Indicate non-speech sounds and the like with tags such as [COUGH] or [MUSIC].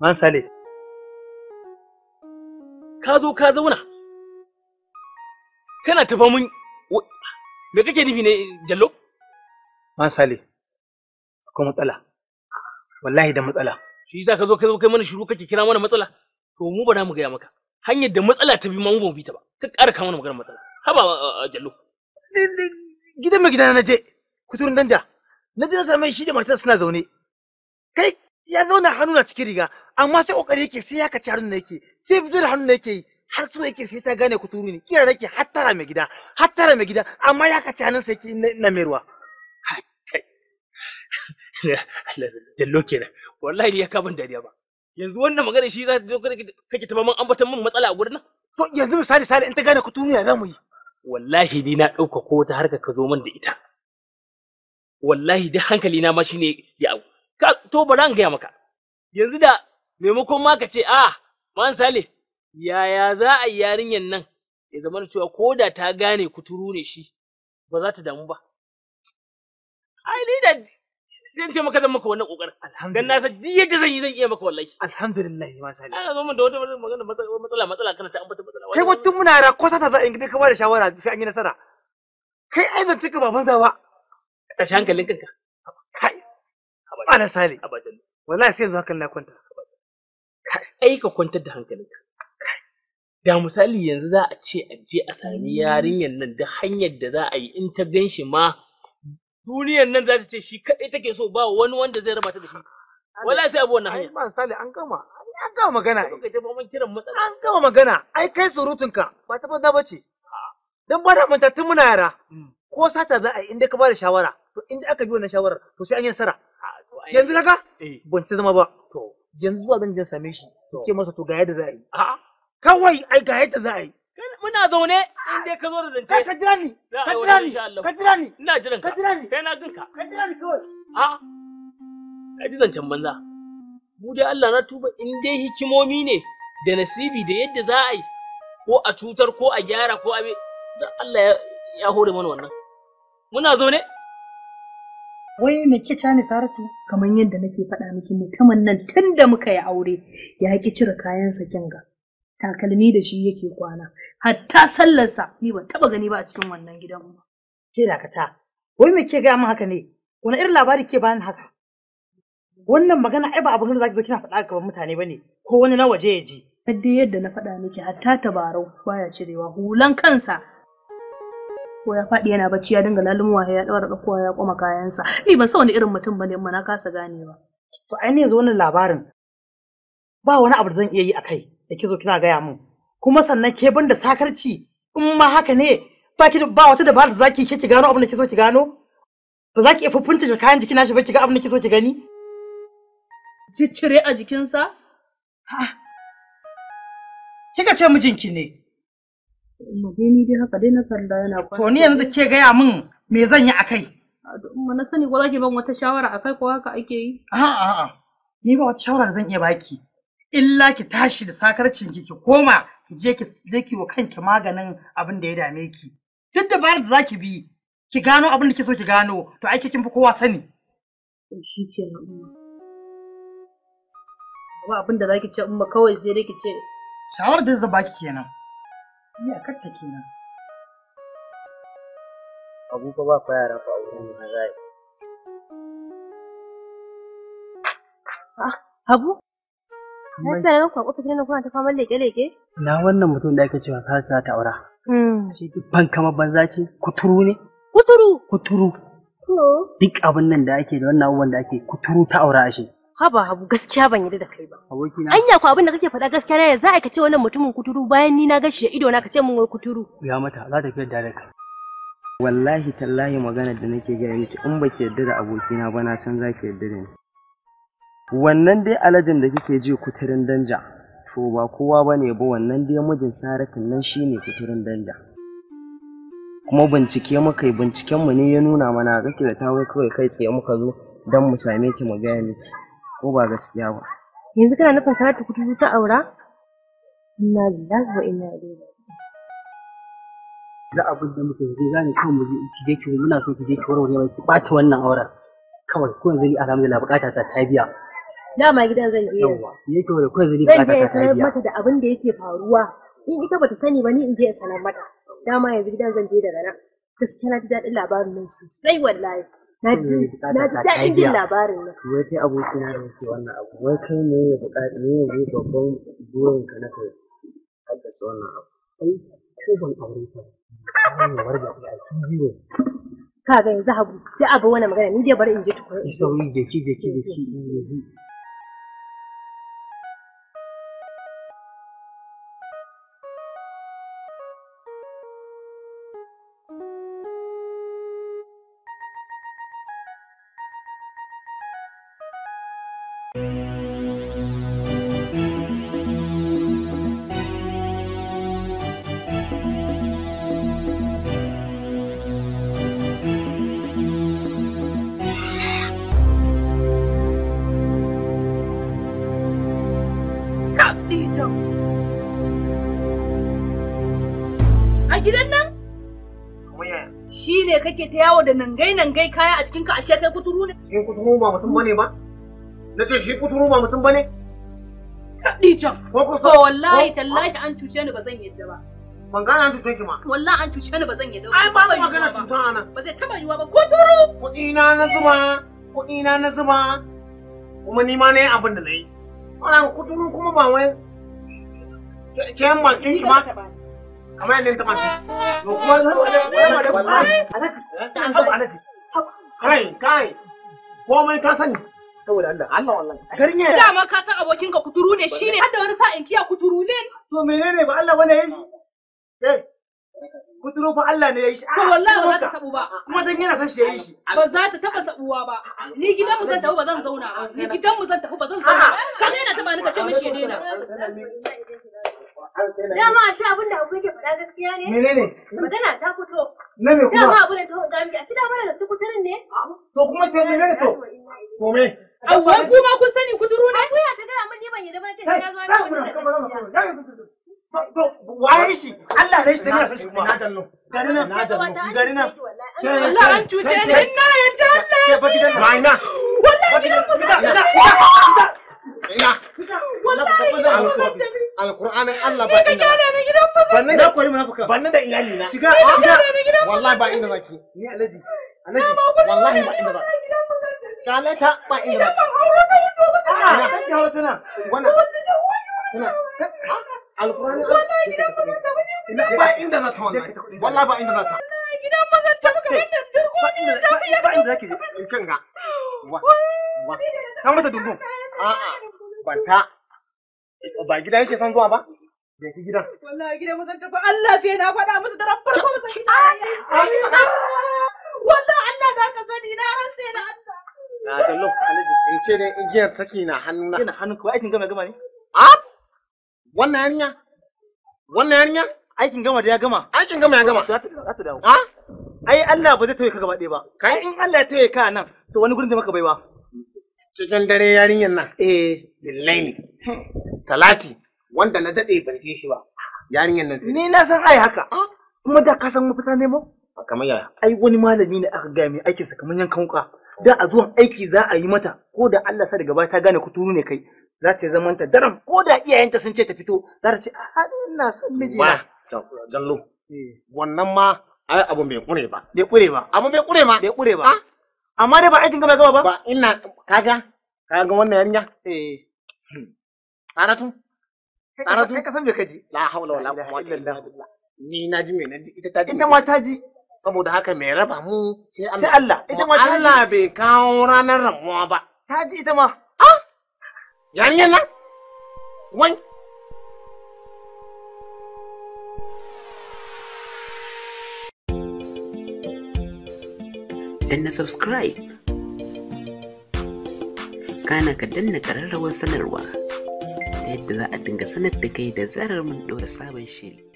Man Sale. Ka zo ka zauna. Kana tafa mun me kake nufi ne Jallo? Man Sale. Akwai matsala. Wallahi da matsala. Shi za ka zo ka zo kai mana shiru kake kira mana matsala? To mu ba za mu gaya maka. Hanyar da matsala ta bi ma mu ba bi ta ba. Ka ƙara kawo mana maganar matsala. Haba Jallo. Gidan mai gidana na je. Kuturin danja. Na je na same shi da matar suna zaune. Kai ya zauna hannu na cikin riga. amma sai kokari yake sai ya kaci da yake sai fito da hannun yake har so yake sai ta gane kuturu ne kira nake har tara mai gida har tara mai gida amma ya kaci hannun sai yake na mai ruwa [LAUGHS] jallo kenan wallahi ni ya kaban dariya ba yanzu wannan magana shi za ta zo kake taba man ambatan min matsala a gurin nan to yanzu misali misali in ta gane kuturu ya zamu yi wallahi ni na ɗauka ko wata harka ka zo man da ita wallahi duk hankali na ma shine ya abu ka to ba ran gaya maka yanzu da maimakon ma ka ce a ah, man sale yaya za a yi yarinyan nan ya zama da cewa ko da ta gane kuturu ne shi ba za ta damu ba ai ni da zan ce maka zan maka wannan kokarin dan na san duk yadda zan yi zan iya maka wallahi alhamdulillah ma sha Allah zo mun da wata magana matsala matsala kana ta ambata matsala kai wato muna ra ko sata za in gida ka ba da shawara sai an yi nasara kai ai zan cika ba banza ba tashi hankalin kanka kai ana sale wallahi sai yanzu hakan na kwanta ai ka kwantar da hankalinka da misali yanzu za a ce a je a sami yarinyar nan da hanyar da za a yi in ta gan shi ma duniyar nan za ta ce shi kaɗai take so ba wani wanda zai raba ta da shi wala sai abu wannan hanya ba misali an gama an gama magana an gama magana ai kai surutunka ba ta banza ce. dan ba da manta tun muna yara hmm. ko sata za a yi inda ka ba da shawara to inda aka bi wannan shawarar to sai an yi nasara yanzu kaga eh. ban ci zama ba to yanzu zuwa zan je same shi in ce masa to ga yadda za a yi kawai ai ga yadda za a yi muna zaune in dai ka zo da zance ka jira ni ka jira ni ka jira ni ina jiran ka jira ni kai na jinka ka jira ni kawai a ai ji zancen banza mu dai Allah na tuba in dai hikimomi ne da nasibi da yadda za a yi ko a cutar ko a gyara ko a da Allah ya hore mana wannan muna zaune wai me ke cani saratu kamar yadda nake faɗa miki mutumin nan tun da muka yi aure ya ki cire kayan sa kinga takalmi da shi yake kwana hatta sallarsa ni ban taba gani ba a cikin wannan gidan mu ke dakata wai me ke gaya min haka ne wani irin labari ke bani haka wannan magana ai ba abin da zaki zo kina faɗa gaban mutane bane ko wani na waje ya ji dai yadda na faɗa miki hatta tabarau baya cirewa hulan kansa ko ya faɗi yana bacci ya dinga lalumwa ya ɗaura ɗaukowa ya koma kayansa ni ban san wani irin mutum bane amma na kasa ganewa to ai ne yanzu wannan labarin ba wani abu da zan iya yi akai da zo kina gaya min kuma sannan ke ban da sakarci in ma haka ne ba ki ba wata dabara da zaki ke ki gano abin da so ki gano ba za ki iya fuffunta kayan jikin nashi ba ki ga abin da so ki gani ciccire a jikinsa kika ce mijinki ne umma dai ni dai haka dai na kalla yana kwana to ni yanzu ke gaya min me zan yi akai umma na sani ko zaki ban wata shawara akai ko haka ake yi a'a a'a ni ba wata shawara zan iya baki illa ki tashi da sakarcin ki ki koma je ki je ki wa kanki maganin abin da ya dame ki duk da bayar da zaki bi ki gano abin da kike so ki gano to ai kin fi kowa sani shi ke ba abin da zaki ce umma kawai sai dai ki ce shawarar da zan baki kenan iyakar ta kenan abu fa ba fa yaran fa wurin na zai ah, Habu? Na tsara nan kwakwata gidan kuna ta faman leke-leke? Na wannan mutum da ake cewa kar ta aura. Hmm. Shi duk ban kamar banza ce, kuturu ne? Kuturu? Kuturu. Duk abin nan da ake da wannan abubuwan da ake kuturu ta aura shi. haba habu gaskiya ban yarda da kai ba abokina anya ku abin da kake faɗa gaskiya ne za a kace wannan mutumin kuturu bayan ni na gashi da ido na kace mun wai kuturu ya mata za ta fiyar da kai wallahi tallahi magana da nake gaya miki in baki yarda da abokina ba na san za ki yarda da ni wannan dai aladin da kike ji kuturin danja to ba kowa bane ba wannan dai mijin saratin nan shine kuturin danja kuma bincike muka yi binciken mu ne ya nuna mana kake da tawo kawai kai tsaye muka zo don mu same ki mu gaya miki ko ba gaskiya ba yanzu kana nufin saratu kututu ta aura inna lillahi wa inna ilaihi da abin da muke yi zan kawai mu je ki je ki muna so ki je ki warware mai ki bata wannan auren kawai ko zai alhamdulillah bukata ta ta biya dama gidan zan je yawa yake wala ko ni bukata ta biya zan je sanar mata da abin da yake faruwa in ita bata sani ba ni in je sanar mata dama yanzu gidan zan je daga nan gaskiya na ji daɗin labarin nan sosai wallahi na ji daɗin jin labarin nan wai kai aboki na yake wannan abu wai kai ne ya buƙata ne ya babban burin ka na kai haddasa wannan abu ai ko ban aure ka ne warga ta aiki ne ka ga yanzu hagu Sai abu wani magana ni dai bari in je tukun sauri jeki jeki jeki A gidan nan? Shi ne kake ta yawo da nangai-nangai kaya a cikinka ashe kai kuturu ne? Cikin kuturu ba mutum bane ba? na ce shi kuturu ba mutum bane ne? can ko wallahi tallahi an cuce ni ba zan yadda ba ban gane an cuce ki ma wallahi an cuce ni ba zan yadda ba ai ba magana a nan. ba zai taba yiwa ba kuturu kuɗi na na zuba kuɗi na na zuba kuma ni ma na yi abin da na yi Wala kuturu kuma ba wai kyan bakin ki ma kamar yadda ta mace to kuma zan wani wani wani kai kai komai ka sani saboda Allah Allah wallahi ka san abokin ka kuturu ne shine hadda wani sa'in kiya kuturu ne to menene ba Allah bane yayi eh, kuturu fa Allah ne shi to ah, wallahi ba za ta tabu ba ah, kuma dan yana san shi shi ba za ta taba tabuwa ba ni gidan mu zan tafi ba zan zauna ni gidan mu zan tafi ba zan zauna ba ah, yana taba ni ka ce mishi daina Dama a ce abin da ke faɗa gaskiya ne? Menene? Magana ta fito. Na me kuma? Dama abin da ta faɗa A ci dama da su kuturin ne? To kuma to menene to? To Awwal kuma kun sani kuduru ne? Akuya ta gaya min ni ban yi da ba ta na zo na wani. waye shi Allah ne shi da nan shi kuma gari nan gari nan Allah an cuce ni ina yadda Allah ya baki da mai na wallahi ina ina ina alqur'ani Allah ba ina bannin da koyi munafika bannin da iyali na shiga shiga wallahi ba inda zaki ni alaji alaji wallahi ba inda zaki Kyale ba ina. Ina ban aure ka yi domin ka ba. Ina kake haura tana. Wannan. Tana. Alƙur'ani. Wallahi gidan ba zan tafi. Ina ba inda za ta wallahi. Wallahi ba inda za ta. Gidan ba zan tafi kamar da zirko ni za ta yi. Ba inda zaki je. In kin ga. Wa. Wa. Ka mata dundun. A'a. Ba ta. Ba gida yake son zuwa ba. Da ki gidan. Wallahi gidan ba zan tafi. Allah sai na faɗa masa da ran farko ba zan gidan. Wallahi Allah da ka sani na rantse na Allah. na da look alaji in ce dai igiyar take na hannuna yana hannu ko aikin gama gama ne a wannan yarinya wannan yarinya aikin gama da ya gama aikin gama ya gama za ta dawo a ai Allah ba zai tauye ka gaba ɗaya ba kai in Allah ya tauye ka nan to wani gurin da maka baiwa cikin dare yarinyar nan eh billahi talati wanda na daɗe ban ji shi ba yarinyar nan ni na san ai haka kuma da ka san mafita ne mu kamar yaya ai wani malami ne aka gaya mai aikinsa kamar yankan wuka da a zuwan aiki za a yi mata ko da Allah sa daga baya ta gane kuturu ne kai za ta zama ta daram ko da iyayenta sun ce ta fito za ta ce a ina son miji ba gallo eh. wannan ma ai abu mai kure ba bai kure ba abu mai kure ma bai kure ba ah? amma dai ba aikin gaba gaba ba ba ina kaga kaga wannan yarinya eh sanatu sanatu kai ka san me kaji la haula wala quwwata illa billah ni na ji me na ita ta ji ita ma ta ji saboda haka mai raba mu sai Allah. Ita ma Allah bai kawo ranar rabuwa ba. Ta ji ita ma. Ah! Yarinyar nan? Wai. Danna subscribe. Kana ka danna ƙararrawar sanarwa ta yadda za a dinga sanar da kai da zarar mun ɗora sabon shiri.